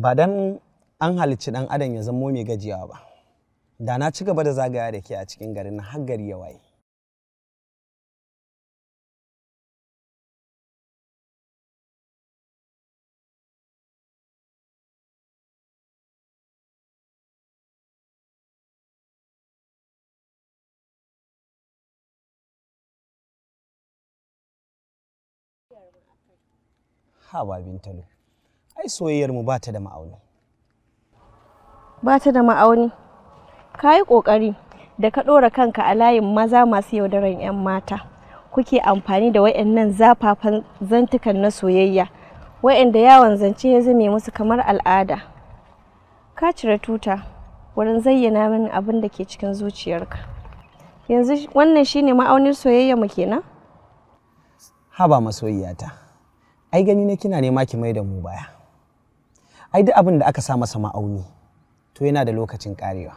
ba dan an halicci dan adam ya zamo mai gajiyawa ba da na ci gaba da zagaya da ke a cikin garin na har ya waye ha ai soyayyar mu bata da ma'auni bata da ma'auni ka yi ƙoƙari da ka ɗora kanka a layin maza masu yaudaran 'yan mata kuke amfani da wayannan zafafan zantukan na soyayya wayanda yawon zance ya zame musu kamar al'ada ka cire tuta wurin zayyana mini abin da ke cikin zuciyarka yanzu wannan shine ma'aunin soyayya mu kenan haba masoyiyata ai gani na kina nema ki mai da mu baya ai duk abin da aka sa masa ma'auni to yana da lokacin karewa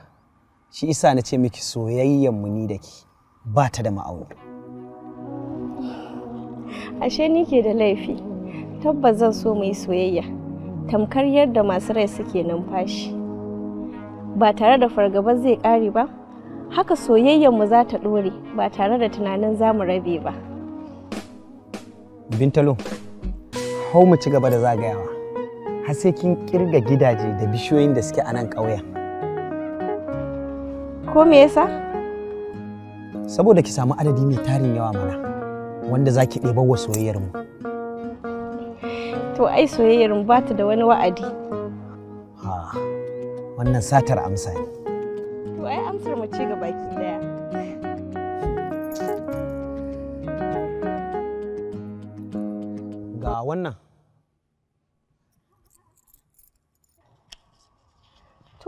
shi isa na ce miki soyayyen mu ni da ki ba ta da ma'auni ashe ni ke da laifi tabbas zan so mu yi soyayya tamkar yadda masu rai suke numfashi ba tare da fargabar zai kare ba haka soyayyen mu za ta dore ba tare da tunanin za mu rabe ba bintalo hau mu ci gaba da zagayawa har sai kin kirga gidaje da bishiyoyin da suke a nan ƙauyen. Ko me yasa? Saboda ki samu adadi mai tarin yawa mana wanda za ki ɗebar wa soyayyarmu. To ai soyayyarmu ba ta da wani wa'adi. Ha, wannan satar amsa ne. To ai amsar mu ce ga baki daya. Ga wannan.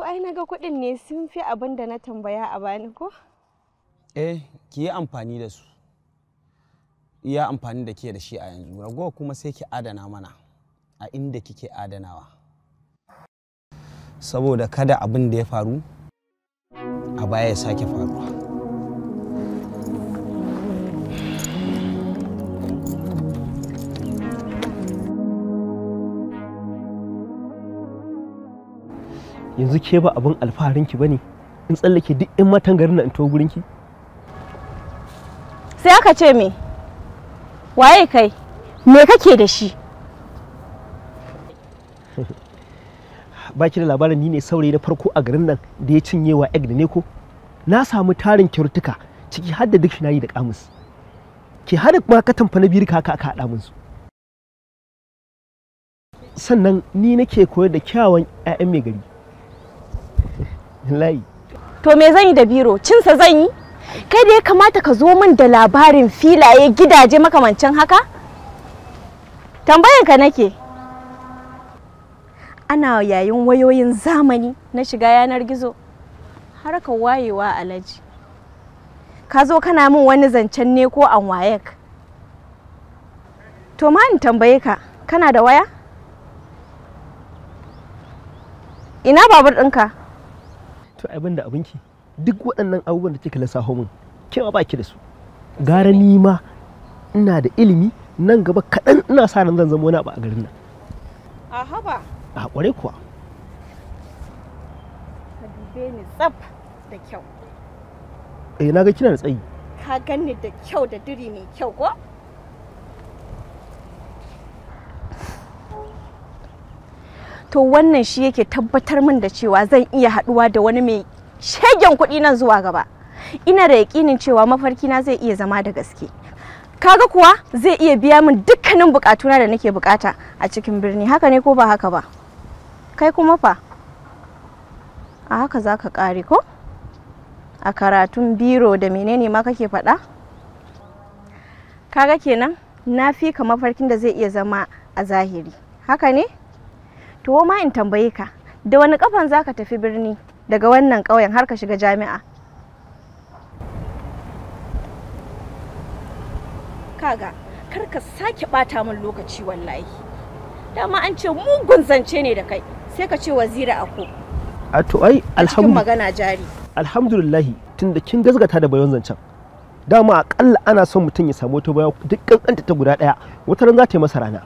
ai ga kuɗin ne sun fi abin da na tambaya a bani ko? Eh, ki yi amfani da su. Iya amfani da ke da shi a yanzu. Ragowa kuma sai ki adana mana a inda kike adanawa. Saboda kada abin da ya faru a baya ya sake faruwa. yanzu ke ba abin alfaharinki ba ne in tsallake duk 'yan matan garin nan in to ki? sai aka ce me waye kai me kake da shi baki da labarin ni ne saurayi na farko a garin nan da ya cinye wa egg da ne ko na samu tarin kyautuka ciki har da nayi da kamus ki har ma ka tamfa na birka ka aka haɗa su sannan ni nake koyar da kyawun 'ya'yan mai gari to me zan yi da biro cinsa zan yi kai da ya kamata ka zo min da labarin filaye gidaje makamancin haka tambayar ka nake ana yayin wayoyin zamani na shiga yanar gizo ka wayewa alaji ka zo kana min wani zancen ne ko an wayek to ma in tambaye ka kana da waya ina babur ɗinka to abin da abinki duk waɗannan abubuwan da kika lasa min kewa ba ki da su gara ni ma ina da ilimi nan gaba kaɗan ina sa ran zan zama wani abu a garin nan a haba a ƙware kuwa ka dube ni tsaf da kyau eh na ga kina da tsayi ka ganni da kyau da diri mai kyau ko to wannan shi yake tabbatar min da cewa zan iya haɗuwa da wani mai shagen kuɗi nan zuwa gaba ina da yaƙinin cewa mafarki na zai iya zama da gaske kaga kuwa zai iya biya min dukkanin bukatuna da nake bukata a cikin birni haka ne ko ba haka ba kai kuma fa a haka za ka kare ko a karatun biro da menene ma kake faɗa kaga kenan na fi ka mafarkin da zai iya zama a zahiri haka ne to ma in tambaye ka da wani kafan zaka tafi birni daga wannan ƙauyen har ka shiga jami'a kaga kar ka sake bata min lokaci wallahi dama an ce mugun zance ne da kai sai ka ce wazira ako a to ai magana jari alhamdulillah tunda kin gazgata da bayan zancen dama akalla ana son mutum ya samu wata baya duk kankanta ta guda daya wata ran za ta yi masa rana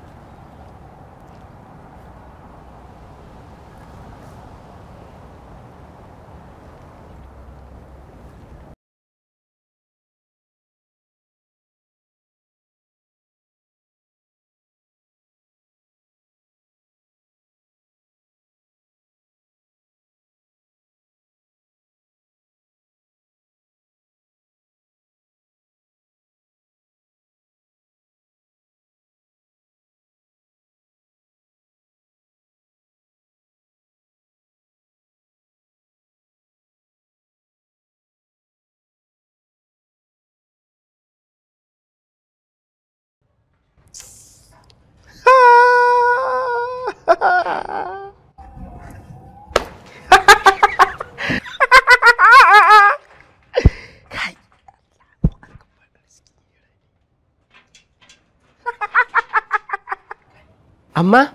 amma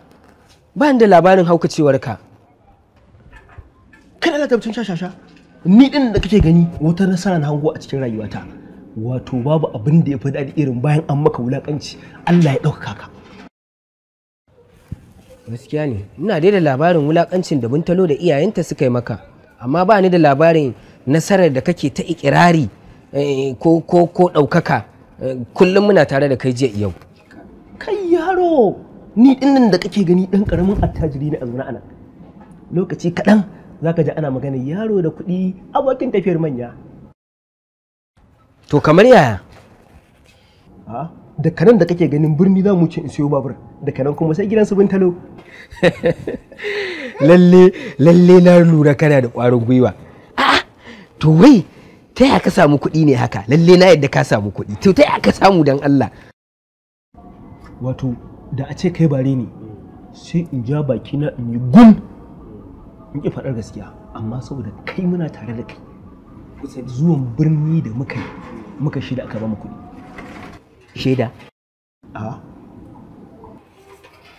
ba da labarin haukacewarka kada lakabcin shashasha ni din da kake gani wata nasara na hango a cikin rayuwata wato babu abin da ya fi daɗi irin bayan an maka wulaƙanci. Allah ya ɗaukaka ka gaskiya ne ina dai da labarin wulaƙancin da buntalo da iyayenta suka yi maka amma ba ni da labarin nasarar da kake ta ikirari eh, ko ko ɗaukaka eh, kullum muna tare da kai jiya yau kai yaro ni dinnan da kake gani dan karamin attajiri ne a zaune anan lokaci kaɗan zaka ji ana magana yaro da kuɗi abokin tafiyar manya to kamar yaya ha da kanan da kake ganin birni za mu ce in siyo babur da kanan kuma sai gidan su bin talo lalle lalle na lura kana da ƙwarin gwiwa a'a to wai ta yaya ka samu kuɗi ne haka lalle na yadda ka samu kuɗi to ta yaya ka samu dan Allah wato da a ce kai bare ni sai in ja baki na in yi gum in ki faɗar gaskiya amma saboda kai muna tare da kai kusa zuwan birni da muka yi muka shida aka ba mu kuɗi shaida a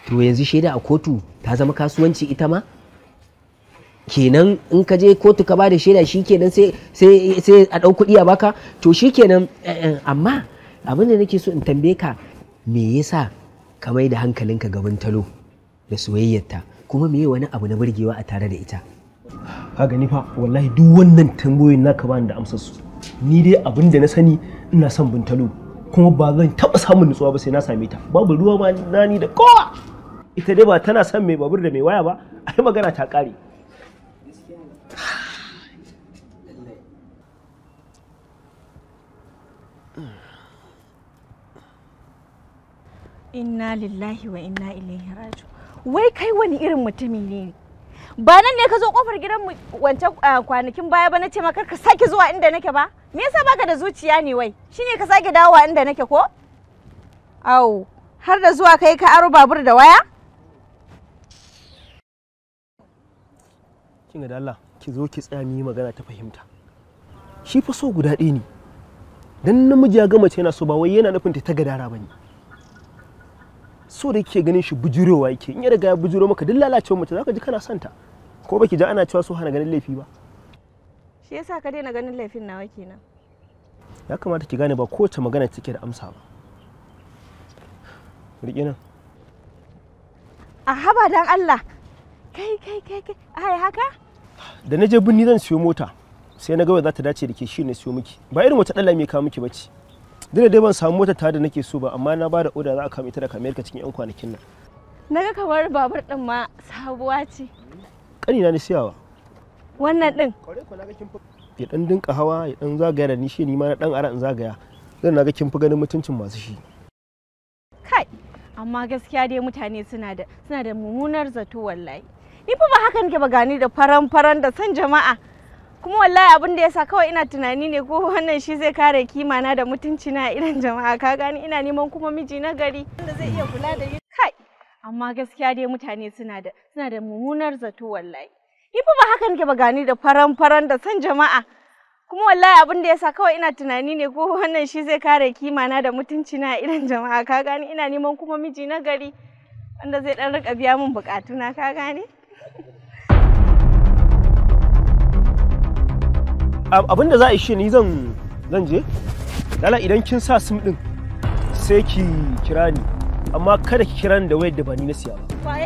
to yanzu shaida a kotu ta zama kasuwanci ita ma kenan in ka je kotu ka ba da shaida kenan sai sai a ɗau kuɗi a baka to shi kenan eh, eh, amma abin da nake so in tambaye ka me yasa ka mai da hankalinka gaban talo da soyayyarta kuma me wani abu na burgewa a tare da ita ka gani fa wallahi duk wannan tambayoyin naka bani da amsar su ni dai abin da na sani ina son bintalo kuma ba zan taba samun nutsuwa ba sai na same ta babu ruwa ma nani da kowa ita dai ba tana son mai babur da mai waya ba ai magana ta kare inna lillahi wa inna ilaihi raji wai kai wani irin mutumi ne ba nan ne ka zo kofar gidan mu wancan kwanakin baya ba na ce maka ka sake zuwa inda nake ba me yasa baka da zuciya ne wai shine ka sake dawowa inda nake ko au har da zuwa kai ka aro babur da waya kin da Allah ki zo ki tsaya mi magana ta fahimta shi fa so guda ɗaya ne dan namiji ya ga mace yana so ba wai yana nufin ta gadara bane so da yake ganin shi bujurowa yake in ya riga ya bujuro maka duk lalacewar mace ka ji kana santa ko baki ji ana cewa so hana ganin laifi ba shi yasa ka daina ganin laifin nawa kenan ya kamata ki gane ba kowace magana take da amsa ba riƙe nan a haba dan Allah kai kai kai kai ai haka da na je binni zan siyo mota sai na ga za ta dace da ke shi ne siyo miki ba irin wata ɗalla mai kawo miki bacci dole dai ban samu motar ta da nake so ba amma na bada oda za a kama ita daga America cikin yan kwanakin nan naga kamar babur din ma sabuwa ce kani na ni siyawa wannan din ya dan dinka hawa ya dan zagaya da ni shi ni ma na dan ara in zagaya zan naga kin fi ganin mutuncin masu shi kai amma gaskiya dai mutane suna da suna da mummunar zato wallahi ni fa ba hakan ke ba gani da faran faran da san jama'a kuma wallahi abin da yasa kawai ina tunani ne ko wannan shi zai kare kima na da mutunci na idan jama'a ka gani ina neman kuma miji na gari wanda zai iya kula da ni kai amma gaskiya dai mutane suna da suna da mummunar zato wallahi ni fa ba hakan ke ba gani da faran faran da san jama'a kuma wallahi abin da yasa kawai ina tunani ne ko wannan shi zai kare kima na da mutunci na idan jama'a ka gani ina neman kuma miji na gari wanda zai dan rika biya min bukatuna ka gani? abin da za a yi shi ni zan zan je lala idan kin sa sim din sai ki kira ni amma kada ki kira ni da wayar da ba ni na siya ba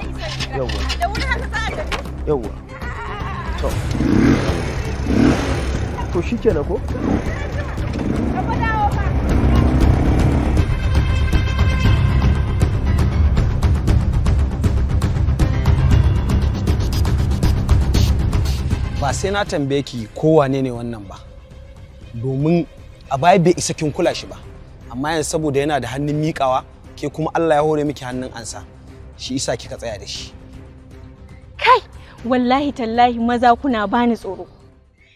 yawwa yawwa to to kenan ko ba sai na tambaye ki ko wane ne wannan ba domin a baya bai isa kin kula shi ba amma yanzu saboda yana da hannun miƙawa ke kuma Allah ya hore miki hannun ansa shi isa kika tsaya da shi kai wallahi tallahi maza kuna bani tsoro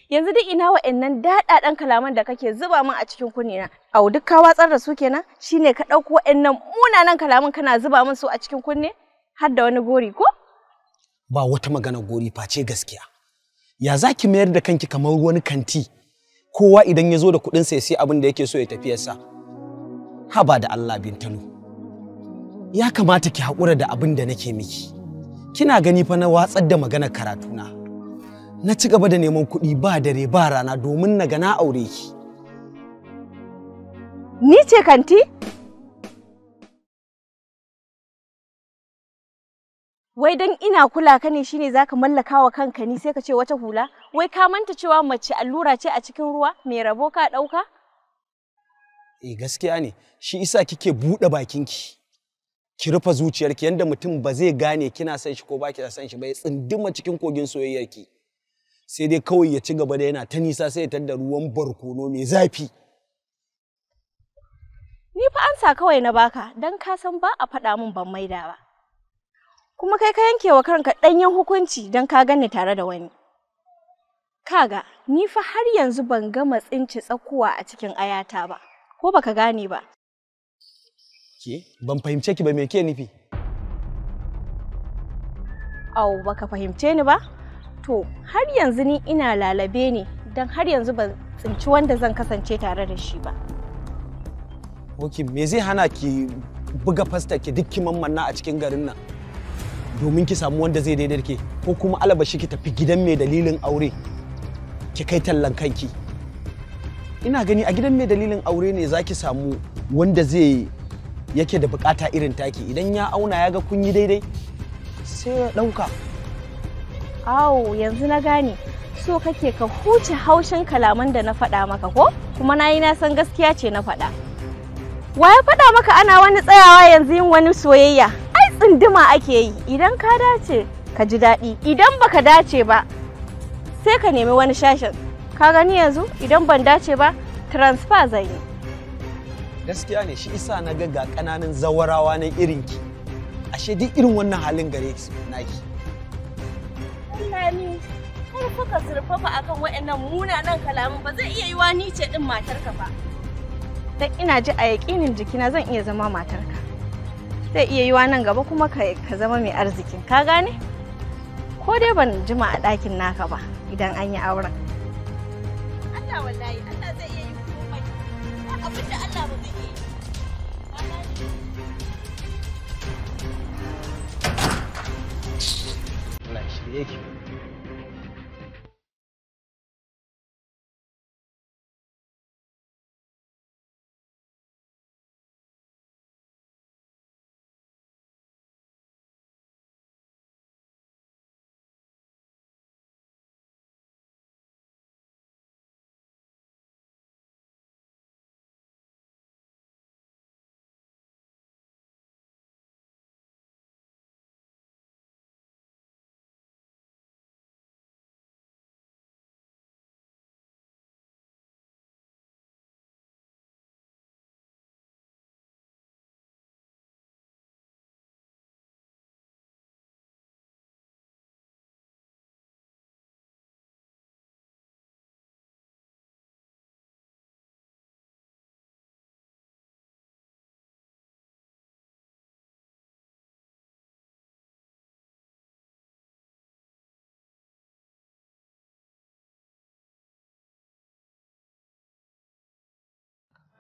yanzu duk ina wa'annan daɗaɗan kalaman da kake zuba min a cikin na. au duk ka watsar da su kenan shine ka ɗauko wa'annan munanan kalaman kana zuba min su a cikin kunne har da wani gori ko ba wata magana gori face gaskiya ya za ki mayar da kanki kamar wani kanti kowa idan ya zo da kuɗin ya sai abin da yake so ya tafi sa haba da Allah bintalo ya kamata ki haƙura da abin da nake miki kina gani fa na watsar da maganar karatuna na ci gaba da neman kuɗi ba dare ba rana domin na gana na aure ki ni ce kanti wai dan ina kula ka ne shine zaka mallaka wa kanka ni sai ka ce wata hula wai ka manta cewa mace allura ce a cikin ruwa mai rabo ka dauka eh gaskiya ne shi isa kike bude bakinki ki rufe zuciyarki yanda mutum ba zai gane kina son shi ko ba kina son shi ba ya tsinduma cikin kogin soyayyarki sai dai kawai ya ci gaba da yana ta nisa sai ya tadda ruwan barkono mai zafi ni fa ansa kawai na baka dan ka san ba a faɗa min ban maida ba kuma kai ka yanke wa kanka ɗanyen hukunci don ka ganni tare da wani. Kaga, ni fa har yanzu ban gama tsinci tsakuwa a cikin ayata ba, ko baka gane ba. Ke, ban fahimce ki ba me ke nufi? Au, baka fahimce ni ba? To, har yanzu ni ina lalabe ne don har yanzu ban tsinci wanda zan kasance tare da shi ba. Ok, me zai hana ki buga fasta ki duk kiman manna a cikin garin nan? domin ki samu wanda zai daidai ke ko kuma alabashi ki tafi gidan mai dalilin aure ki kai tallan kanki ina gani a gidan mai dalilin aure ne za ki samu wanda zai yake da bukata irin taki idan ya auna ya ga kun yi daidai sai ya ɗauka awo yanzu na gane so kake ka huce haushin kalaman da na faɗa maka ko kuma na yi na san gaskiya ce na faɗa wa ya faɗa maka ana wani tsayawa yanzu yin wani soyayya tsinduma ake yi idan ka dace ka ji daɗi idan baka dace ba sai ka nemi wani shashin ka gani yanzu idan ban dace ba transfer zan yi gaskiya ne shi isa na ga kananan zawarawa na irinki ashe duk irin wannan halin gare ki naki Lami, kai kuka zurfafa akan waɗannan munanan kalaman ba zai iya yiwa ni ce din matarka ba. Dan ina ji a yaƙinin jikina zan iya zama matarka. zai iya yiwa nan gaba kuma ka zama mai arzikin ka gane ko dai ban jima a ɗakin naka ba idan an yi auren Allah wallahi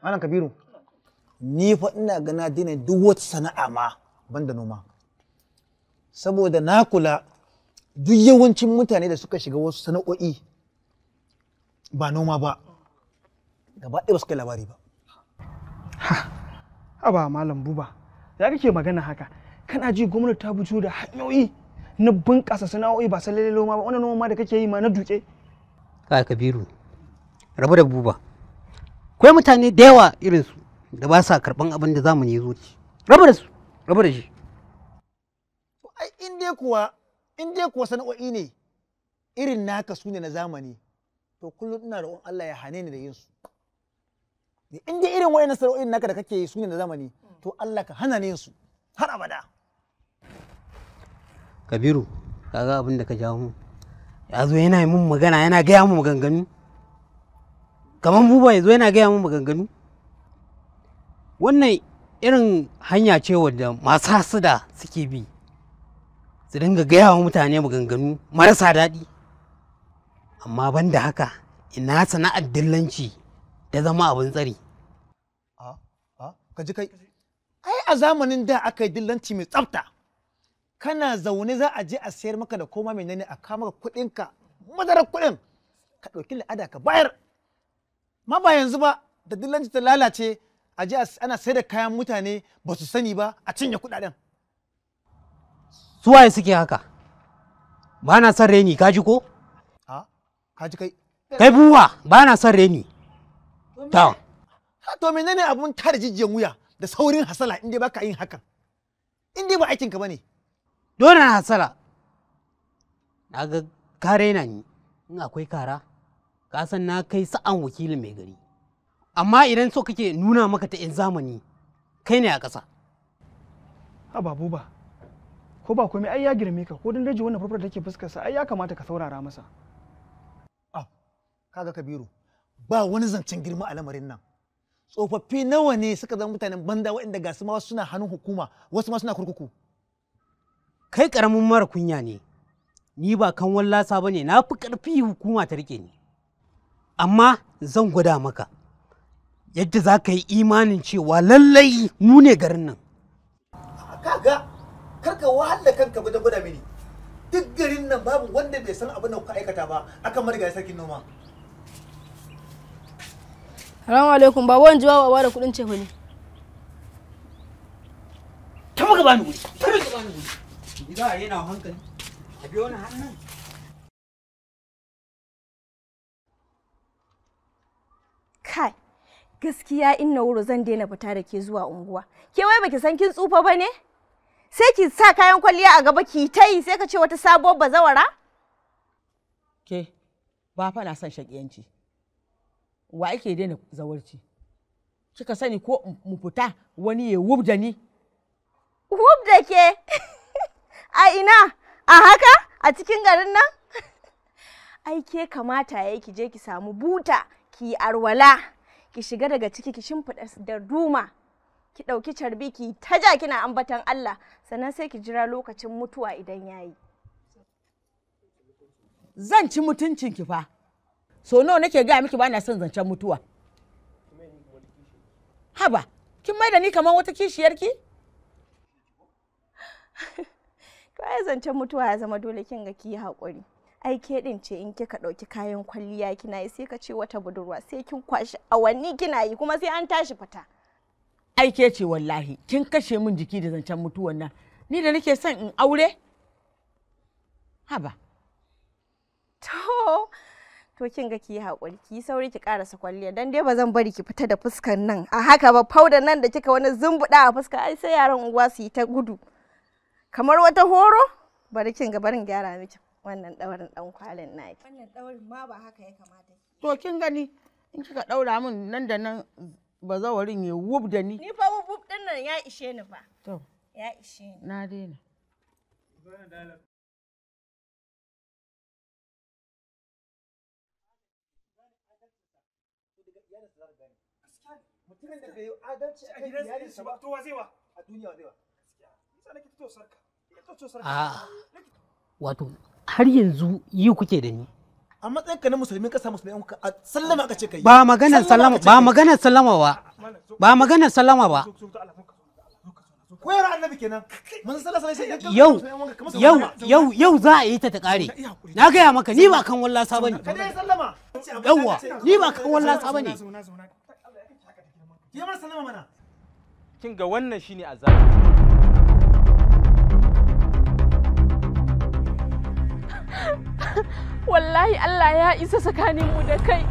Malam Kabiru, ni fa ina gana daina duk wata sana'a ma banda noma. Saboda na kula duk yawancin mutane da suka shiga wasu sana'o'i ba noma ba, gaba ɗaya ba su kai labari ba. Ha, haba malam buba, ya kake magana haka, kana ji gwamnati ta bujo da hanyoyi na bunƙasa sana'o'i ba sai lalle noma ba, wani noma da kake yi ma na duke. Ka Kabiru, rabu da buba. akwai mutane da yawa irinsu da ba sa karɓan abin da zamani ya zo ci raba da su raba da shi in dai kuwa in dai kuwa sana'o'i ne irin naka su ne na zamani to kullum ina roƙon Allah ya hane ni da yin su in dai irin wayannan sana'o'in naka da kake yi su ne na zamani to Allah ka hana ni yin su har abada Kabiru kaga abin da ka jawo ya zo yana yi mun magana yana gaya mu maganganu kamar buba ba ya zo yana gaya mu maganganu wannan irin hanya ce wadda masu hasada suke bi su dinga gaya wa mutane maganganu marasa daɗi amma ban da haka ina sana'ar dillanci ta zama abin tsari ka kai ai a zamanin da aka yi dillanci mai tsafta kana zaune za a je a sayar maka da koma nani a kama kuɗinka madarar kuɗin ka ɗauki la'ada ka bayar ma ba yanzu ba da dillanci ta lalace a ji ana sai da kayan mutane ba su sani ba a cinye kudaden suwaye suke haka ba na son reni kaji ko a kaji kai kai buwa ba na son reni ta to menene abun tare jijiyan wuya da saurin hasala inda baka yin hakan inda ba aikinka bane dole na hasala na ga kare na ni in akwai kara ka san na kai sa'an wakilin mai gari amma idan so kake nuna maka ta 'yan zamani kai ne a ƙasa babu buba ko ba komai ai ya girme ka ko dan daji wannan farfar da ke fuskar sa ai ya kamata ka saurara masa a kaga kabiru ba wani zancen girma a lamarin nan tsofaffi nawa ne suka zama mutanen banda waɗanda ga su ma wasu suna hannun hukuma wasu ma suna kurkuku kai karamin mara kunya ne ni ba kan wallasa bane na fi karfi hukuma ta rike ni amma zan gwada maka yadda za ka yi imanin cewa lallai mu ne garin nan kaga karka wahala kanka gwada gwada mini duk garin nan babu wanda bai san abin da kuka aikata ba akan marigayi sarkin noma Salamu alaikum babu wani jiwa baba da kudin ce ne. Ta maka bani guri. Ta maka bani guri. Ida yana hankali. A biyo ni hannun. kai gaskiya inna wuro zan daina fita da ke zuwa unguwa ke wai baki san kin tsufa ba ne sai ki sa kayan kwalliya a gaba ki ta yi sai ka ce wata sabuwar bazawara ke ba fa na son shakiyanci wa ake daina zawarci kika sani ko mu fita wani ya wub ni wub ke a ina a haka a cikin garin nan ai ke kamata yayi ki je ki samu buta ki arwala ki shiga daga ciki ki shimfiɗa da duma ki ɗauki carbi ki ta ja kina ambatan Allah sannan sai ki jira lokacin mutuwa idan ya yi. zan ci mutuncin ki fa so nawa nake gaya miki ba na son zancen mutuwa haba kin mai da ni kamar wata kishiyarki kawai zancen mutuwa ya zama dole kin ga ki haƙuri Aike ke din ce in kika ɗauki kayan kwalliya kina yi sai ka ce wata budurwa sai kin kwashi awanni kina yi kuma sai an tashi fita ai ke ce wallahi kin kashe min jiki da zancen mutuwan nan ni da nake son in aure haba to to kin ga ki haƙuri ki sauri ki karasa kwalliya dan dai ba zan bari ki fita da fuskan nan a haka ba fauda nan da kika wani zumbuɗa a fuska ai sai yaran unguwa su yi ta gudu kamar wata horo bari kin ga barin gyara miki wannan daurin dan kwalin naki wannan ɗaurin ma ba haka ya kamata to kin gani in kika daura min nan da nan ba zawarin ya wub da ni ni fa wub ɗin nan ya ishe ni fa to ya ishe ni na daina mutumin ba a wato har yanzu yi kuke da ni a matsayin ka na musulmi ka samu ka sallama ka ce kai ba maganar sallama ba maganar sallama ba ba maganar sallama ba koyar annabi kenan mun yau yau yau za a yi ta kare na gaya maka ni ba kan wallasa bane ni ba kan wallasa bane ya mana sallama mana kin ga wannan shine azabi wallahi Allah ya isa tsakanin mu da kai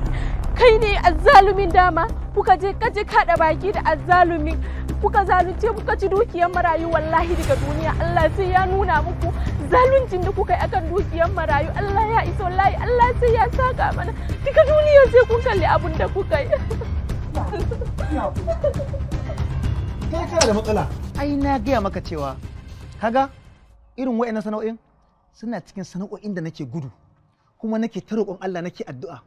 kai ne azzalumin dama kuka je kaje kada baki da azzalumin kuka zalunce kuka ci dukiyar marayu wallahi daga duniya Allah sai ya nuna muku zaluncin da kuka yi akan dukiyar marayu Allah ya isa wallahi Allah sai ya saka mana daga duniya sai kun kalli abun da kuka yi kai kana da matsala ai na gaya maka cewa kaga irin wa'annan sana'o'in suna cikin sana'o'in da nake gudu kuma nake ta roƙon Allah nake addu'a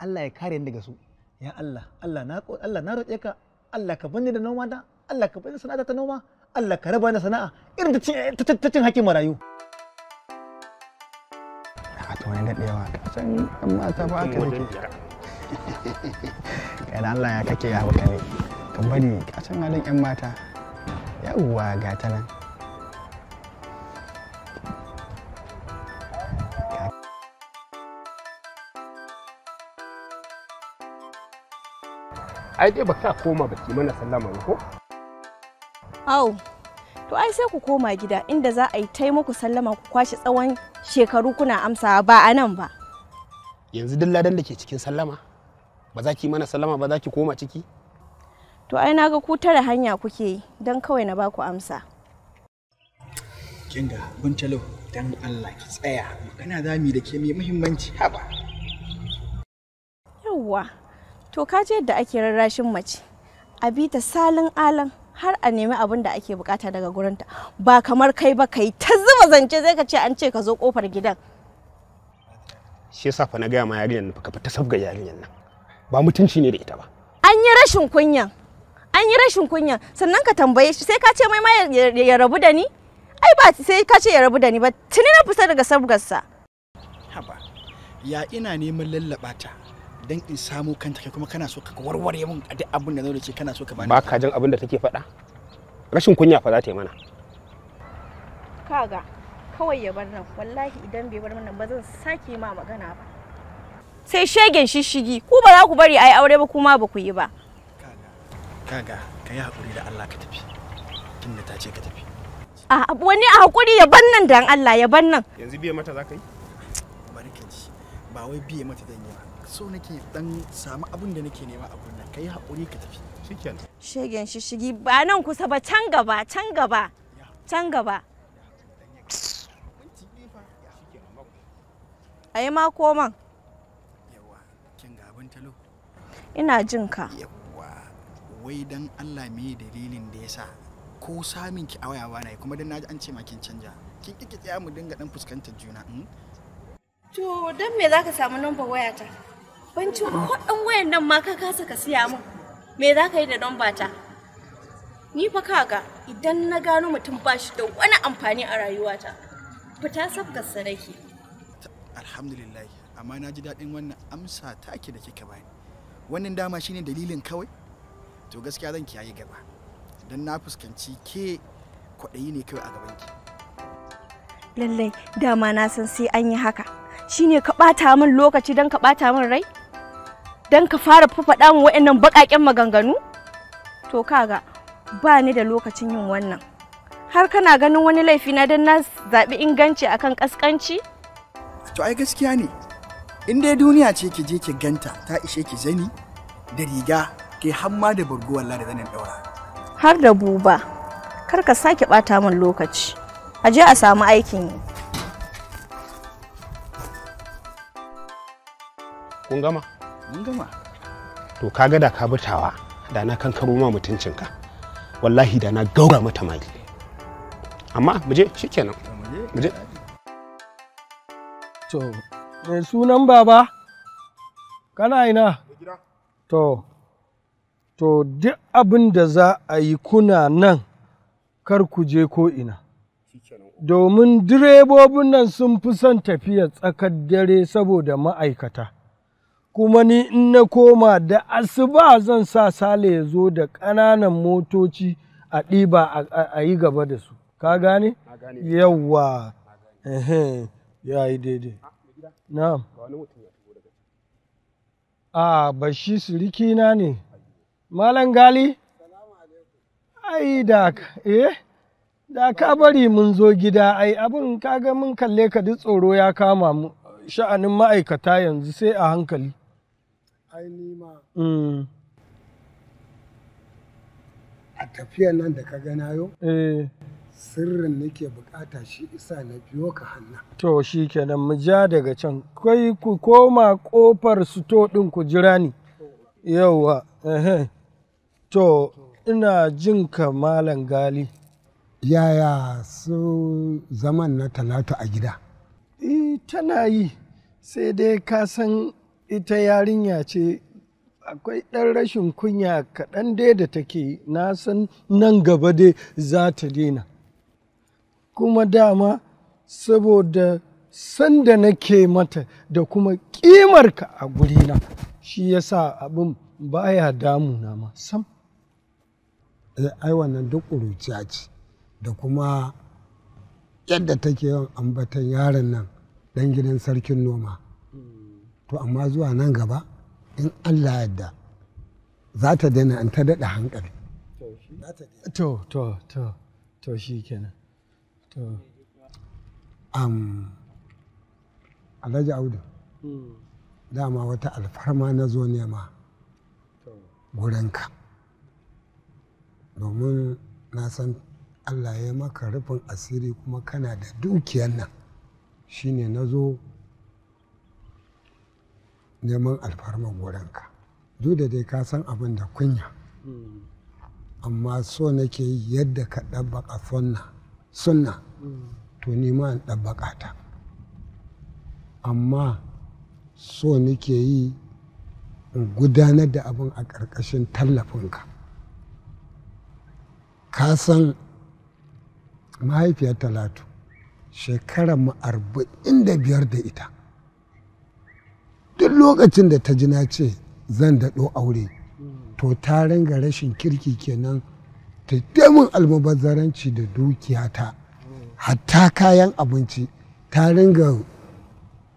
Allah ya kare ni daga su ya Allah Allah na Allah na roƙe ka Allah ka bani da noma da Allah ka bani sana'a ta noma Allah ka raba ni sana'a irin ta cin hakkin marayu a to wani daɗewa ka san mata ba ka nake kai Allah ya kake ya haka ne ka bari ka halin ƴan mata yawwa ga ta nan ai dai baka koma ba ki mana sallama ba ko au to ai sai ku koma gida inda za a yi tai muku sallama ku kwashi tsawon shekaru kuna amsawa ba a nan ba yanzu duk ladan da ke cikin sallama ba za ki mana sallama ba za ki koma ciki to ai na ga ku tare hanya kuke yi don kawai na ba ku amsa kinga talo dan Allah ki tsaya magana zamu da ke mai muhimmanci haba yawwa to ka je yadda ake rarrashin mace a bi ta salin alan har a nemi abin da ake bukata daga gurinta ba kamar kai ba kai ta zuba zance zai ka ce an ce ka zo kofar gidan shi yasa fa na gaya ma yarinyar nan ka fita sabga yarinyar nan ba mutunci ne da ita ba an yi rashin kunyan an yi rashin kunyan sannan ka tambaye shi sai ka ce mai ma ya rabu da ni ai ba sai ka ce ya rabu da ni ba tuni na fita daga sabgarsa haba ya ina neman lallaba ta dan in samu kanta kai kuma kana so ka warware mun duk abin da zo ce kana so ka bani ba ka jin abin da take faɗa rashin kunya fa za ta yi mana kaga kawai ya bar nan wallahi idan bai bar mana ba zan sake ma magana ba sai shegen shishigi ku ba za ku bari ai aure ba kuma ba ku yi ba kaga ka yi hakuri da Allah ka tafi da ta ce ka tafi a wani a hakuri ya ban nan dan Allah ya ban nan yanzu biye mata za ka yi bari ba wai biye mata dan yi ba so nake dan samu abin da nake nema a gurin kai haƙuri ka tafi shikenan shegen shi shigi ba nan kusa ba can gaba can gaba can gaba a ma koman yawa kin ga talo ina jin ka yawa wai dan Allah me dalilin da yasa ko samin ki awaya ba na kuma dan naji an ce ma kin canja kin kike tsaya mu dinga dan fuskantar juna hmm? to dan me zaka samu number wayata bancin kwaɗin wayan nan ma ka kasa ka siya min me za ka yi da don bata ni fa kaga idan na gano mutum ba shi da wani amfani a rayuwata fita sa nake alhamdulillah amma na ji daɗin wannan amsa take da kika bani wannan dama shine dalilin kawai to gaskiya zan kiyaye gaba don na fuskanci ke kwaɗayi ne kawai a gaban ki lallai dama na san sai an yi haka shine ka ɓata min lokaci don ka ɓata min rai don ka fara fafaɗa mu waɗannan baƙaƙen maganganu to kaga ba ni da lokacin yin wannan har kana ganin wani laifi na don na zaɓi inganci akan ƙasƙanci to ai gaskiya ne in dai duniya ce ki je ki ganta ta ishe ki zani da riga ke hamma da burguwar da zanen ɗaura har da buba kar ka sake ɓata min lokaci a je a samu aikin yi kun gama gama to ka da ka bitawa da na kankaro ma mutuncinka wallahi da na gaura mata mali amma mu je shikenan mu je to sunan baba kana ina to to duk abin da za a yi kuna nan kar ku je ko ina domin direbobin nan sun fi son tafiya tsakar dare saboda ma'aikata kuma ni in na koma da asuba zan sa sale ya zo da ƙananan motoci a ɗiba a yi gaba da su ka gane yawwa ya yi daidai ah, na'am a bashi sirikina ne malam gali ai da eh da ka bari mun zo gida ai abin kaga mun kalle ka duk tsoro ya kama mu sha'anin ma'aikata yanzu sai a hankali aini ma mm. a tafiya nan da ka gana yau eh. sirrin nake bukata shi isa na biyo ka hanna to shi kenan mu ja daga can kai ku koma kofar suto din ku jira ni yauwa to ina jin ka malam gali yaya su zaman na talatu a gida Eh, tana yi sai dai ka san ita yarinya ce akwai ɗan rashin kunya kaɗan dai da take na san nan gaba dai za ta daina kuma dama saboda sanda nake mata da kuma ƙimarka a gurina shi ya sa abin ba baya damuna ma sam eh, ai duk ƙuruciya ce da kuma yadda take yawan ambatan yaron nan dan gidan sarkin noma to amma zuwa nan gaba in allah yadda za ta daina an ta daɗa hankali to to to to shi kenan to Am, alhaji audu dama wata alfarma na zo nema gurinka domin na san allah ya maka rufin asiri kuma kana da dukiyan nan shine na zo neman alfarmar wurinka duk da dai ka san abin da kunya amma so nake yadda ka ɗabbaƙa sunna sunna to nima in ɗabbaƙa ta amma so nake yi in gudanar da abin a ƙarƙashin tallafinka ka san mahaifiyar talatu shekarar mu arba'in da biyar da ita duk lokacin da ta ji na ce zan daɗo aure to ta ringa rashin kirki kenan ta damun almubazzaranci da dukiyata hatta kayan abinci ta ringa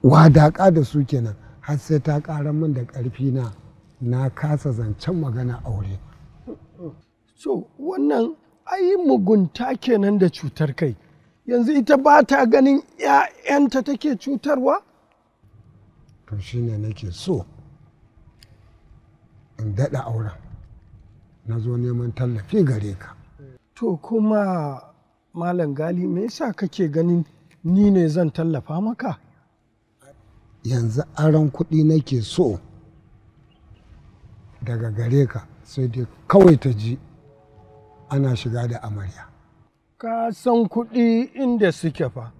wadaƙa da su kenan har sai ta ƙara min da ƙarfi na na kasa zancen magana aure so wannan ai mugunta kenan da cutar kai yanzu ita ba ta ganin 'ya'yanta take cutarwa to ne nake so in daɗa auren na zo neman tallafi gare ka to kuma malam gali me yasa kake ganin ni ne zan tallafa maka yanzu aron kuɗi nake so daga gare ka sai dai kawai ta ji ana shiga da amarya ka san kuɗi inda suke fa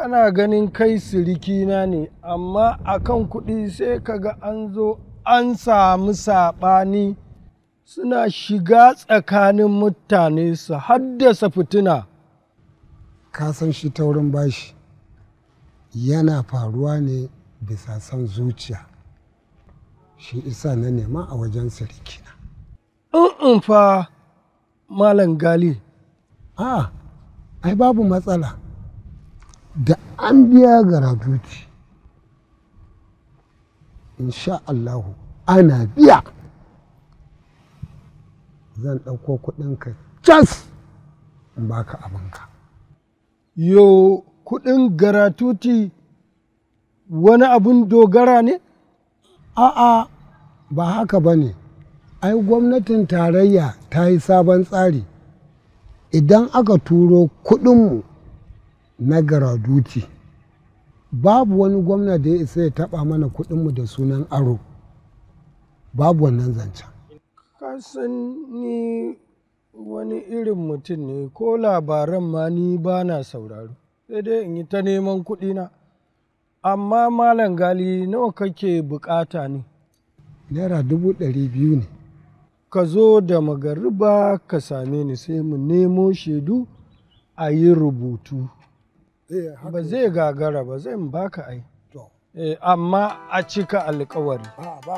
kana ganin kai sirikina ne amma a kan kuɗi sai kaga an zo an samu saɓani suna shiga tsakanin mutane su haddasa fitina ka san shi taurin bashi yana faruwa ne bisa san zuciya shi isa na nema a wajen sirikina in fa malam gali a ah, ai babu matsala da an biya garatuti insha Allahu ana biya zan ɗauko kuɗinka cas in ba ka abinka yo kuɗin gratuity wani abun dogara ne a'a ba haka ba ne ai gwamnatin tarayya ta yi sabon tsari idan aka turo kuɗinmu na garaduti babu wani gwamna da ya isa ya taba mana kudinmu da sunan aro babu wannan zancen kasan ni wani irin mutum ne ko labaran ma ni ba na sauraro sai dai in yi ta neman kudina amma malam gali nawa kake bukata ne naira dubu ɗari biyu ne ka zo da magariba ka same ni sai mu nemo shaidu a yi rubutu Eh, ba zai gagara ba zai baka ai eh, amma a cika alkawari ba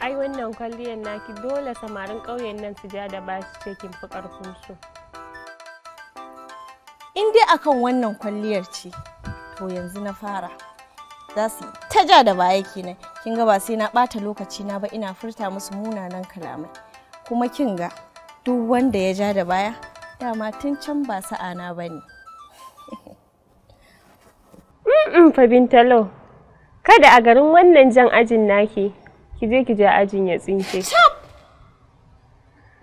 ai wannan kwalliyar naki dole samarin ƙauyen nan su ja da ba su cikin fi ƙarfinsu. In dai akan wannan kwalliyar ce, to yanzu na fara. Za su ta ja da baya kenan. kin ga ba sai na ɓata lokaci na ba ina furta musu munanan kalamai kuma kin ga duk wanda ya ja da baya dama tun can ba sa'ana ba ne bintalo kada a garin wannan jan ajin naki ki je ki ja ajin ya tsinke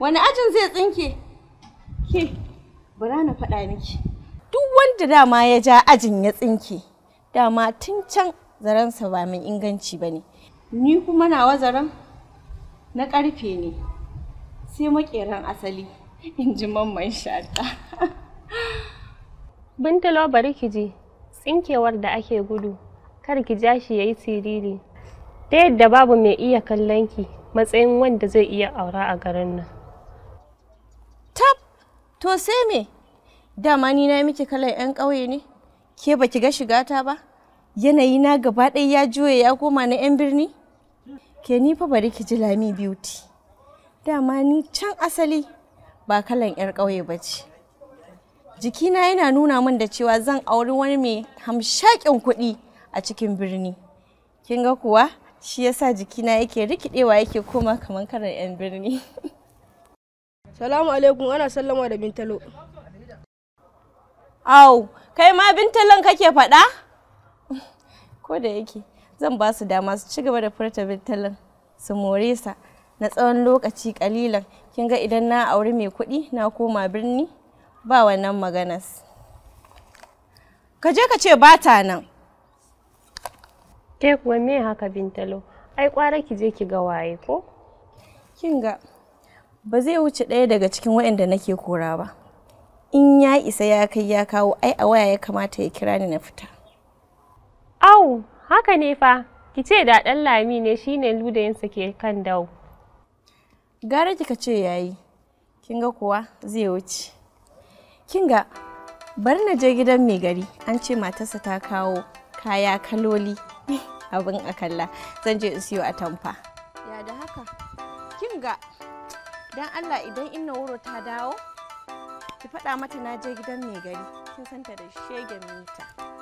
wani ajin zai tsinke ke Bura na faɗa miki duk wanda dama ya ja ajin ya tsinke dama tun can zaransa ba mai inganci ba ne ni kuma nawa zaren na ƙarfe ne sai makeran asali in ji mamman shata bintalo bari ki ji tsinkewar da ake gudu kar ki ja shi ya yi siriri ta yadda babu mai iya kallon ki matsayin wanda zai iya aura a garin nan tab to sai me dama ni na miki kalar 'yan ƙauye ne ke baki ga shigata ba yanayi na gaba ɗaya ya juya ya koma na 'yan birni ke ni fa bari ki ji lami beauty dama ni can asali ba kalan 'yar ƙauye ba ce jikina yana nuna min da cewa zan auri wani mai hamshakin kuɗi a cikin birni kin ga kuwa shi yasa jikina yake rikidewa yake koma kamar karar 'yan birni salamu alaikum ana sallama da bintalo au kai ma bintalon kake faɗa ko da yake zan ba su dama su ci gaba da furta bitalin su more sa na tsawon lokaci kalilan kin ga idan na auri mai kuɗi na koma birni ba wannan maganas ka je ka ce bata nan ke kuwa me haka bintalo ai kwara ki je ki ga waye ko kin ga ba zai wuce ɗaya daga cikin waɗanda nake kora ba in ya isa ya kai ya kawo ai a waya ya kamata ya kira ni na fita au haka ne fa ki ce da ɗan lami ne shine ludayinsa ke kan dau. gara kika ce yayi kin ga kuwa zai wuce kin ga bar na je gidan mai gari an ce matarsa ta kawo kaya kaloli abin a kalla zan je in siyo a tamfa. ya da haka kin ga dan Allah idan inna wuro ta dawo ki faɗa mata na je gidan mai gari kin santa da shege mita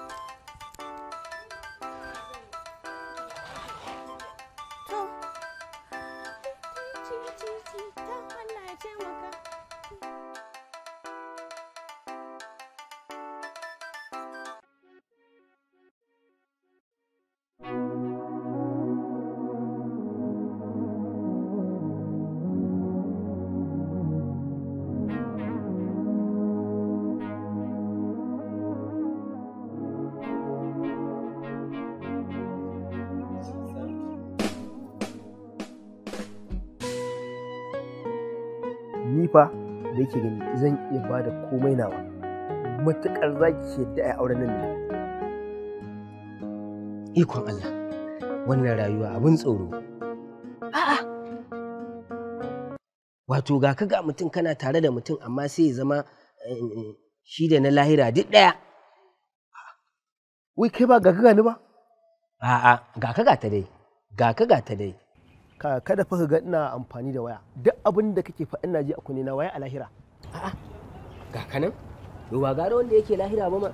nake gani zan iya ba da komai nawa matuƙar za ki yadda a auren nan ikon Allah wannan rayuwa abin tsoro a'a wato ga ka ga mutum kana tare da mutum amma sai ya zama eh, shi da na lahira duk ɗaya wai kai ba ga ka gani ba a'a ga ka ga ta dai ga ka ga ta dai kada fa ka ga ina amfani da waya duk abin da kake fa ina ji a kunne na waya a lahira a'a ga kanan ba gara wanda yake lahira ba ma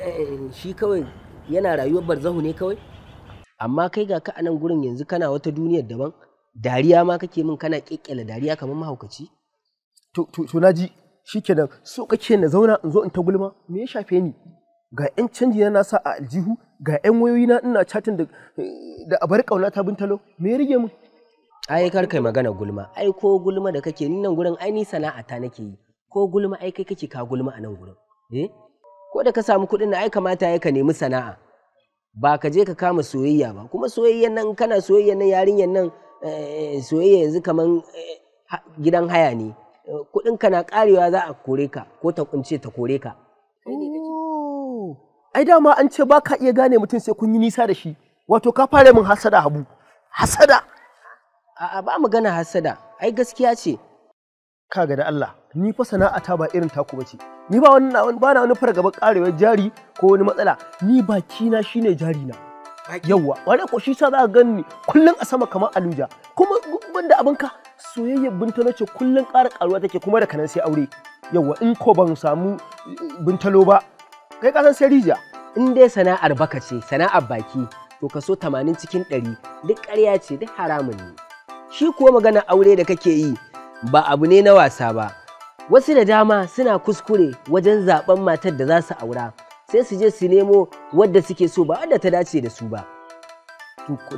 eh, shi kawai yana rayuwar barzahu ne kawai amma kai ga ka a nan gurin yanzu kana wata duniyar daban dariya ma kake min kana kekkela dariya kamar mahaukaci to to na ji shikenan so kake na zauna in zo in ta gulma me ya shafe ni ga 'yan canji na sa a aljihu ga 'yan wayoyi na ina chatin da abar kauna ta bintalo me ya rige mu ai kar kai magana gulma ai ko gulma da kake ni nan gurin ai ni sana'ata nake yi ko gulma ai kai kake ka gulma a nan gurin eh ko da ka samu kuɗin na ai kamata ya ka nemi sana'a ba ka je ka kama soyayya ba kuma soyayyan nan kana soyayyan nan yarinyan nan eh, soyayya yanzu kaman eh, gidan haya ne kuɗin ka na karewa za a kore ka ko ta kunce ta kore ka oh! ai dama an ce ba ka iya gane mutum sai kun yi nisa da shi wato ka fara min hasada habu hasada A'a ba magana hasada, ai gaskiya ce. ga da Allah, ni fa sana'a ta ba irin taku bace. Ni ba wani ba na wani fargaba karewar jari ko wani matsala, ni bakina shine jari na. Yawwa, wani ko shi sa za ka ganni kullun a sama kamar aluja. Kuma banda ka? soyayya buntalo ce kullun ƙara ƙaruwa take kuma da kanan sai aure. Yawwa, in ko ban samu bintalo ba, kai ka san sarija In dai sana'ar baka ce, sana'ar baki, to kaso 80 cikin 100 duk ƙarya ce duk haramun ne. shi kuwa magana aure da kake yi ba abu ne na wasa ba wasu da dama suna kuskure wajen zaben matar da za su aura sai su je su nemo wadda suke so ba wadda ta dace da su ba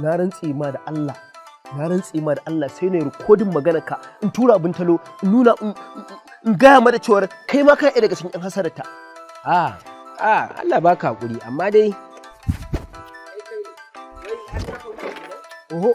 na rantsi ma da Allah na rantsi ma da Allah sai na rikodin magana ka in tura abin talo in nuna in gaya mada cewar kai ma kana daga cikin yan hasararta a a Allah ka hakuri amma dai Oho.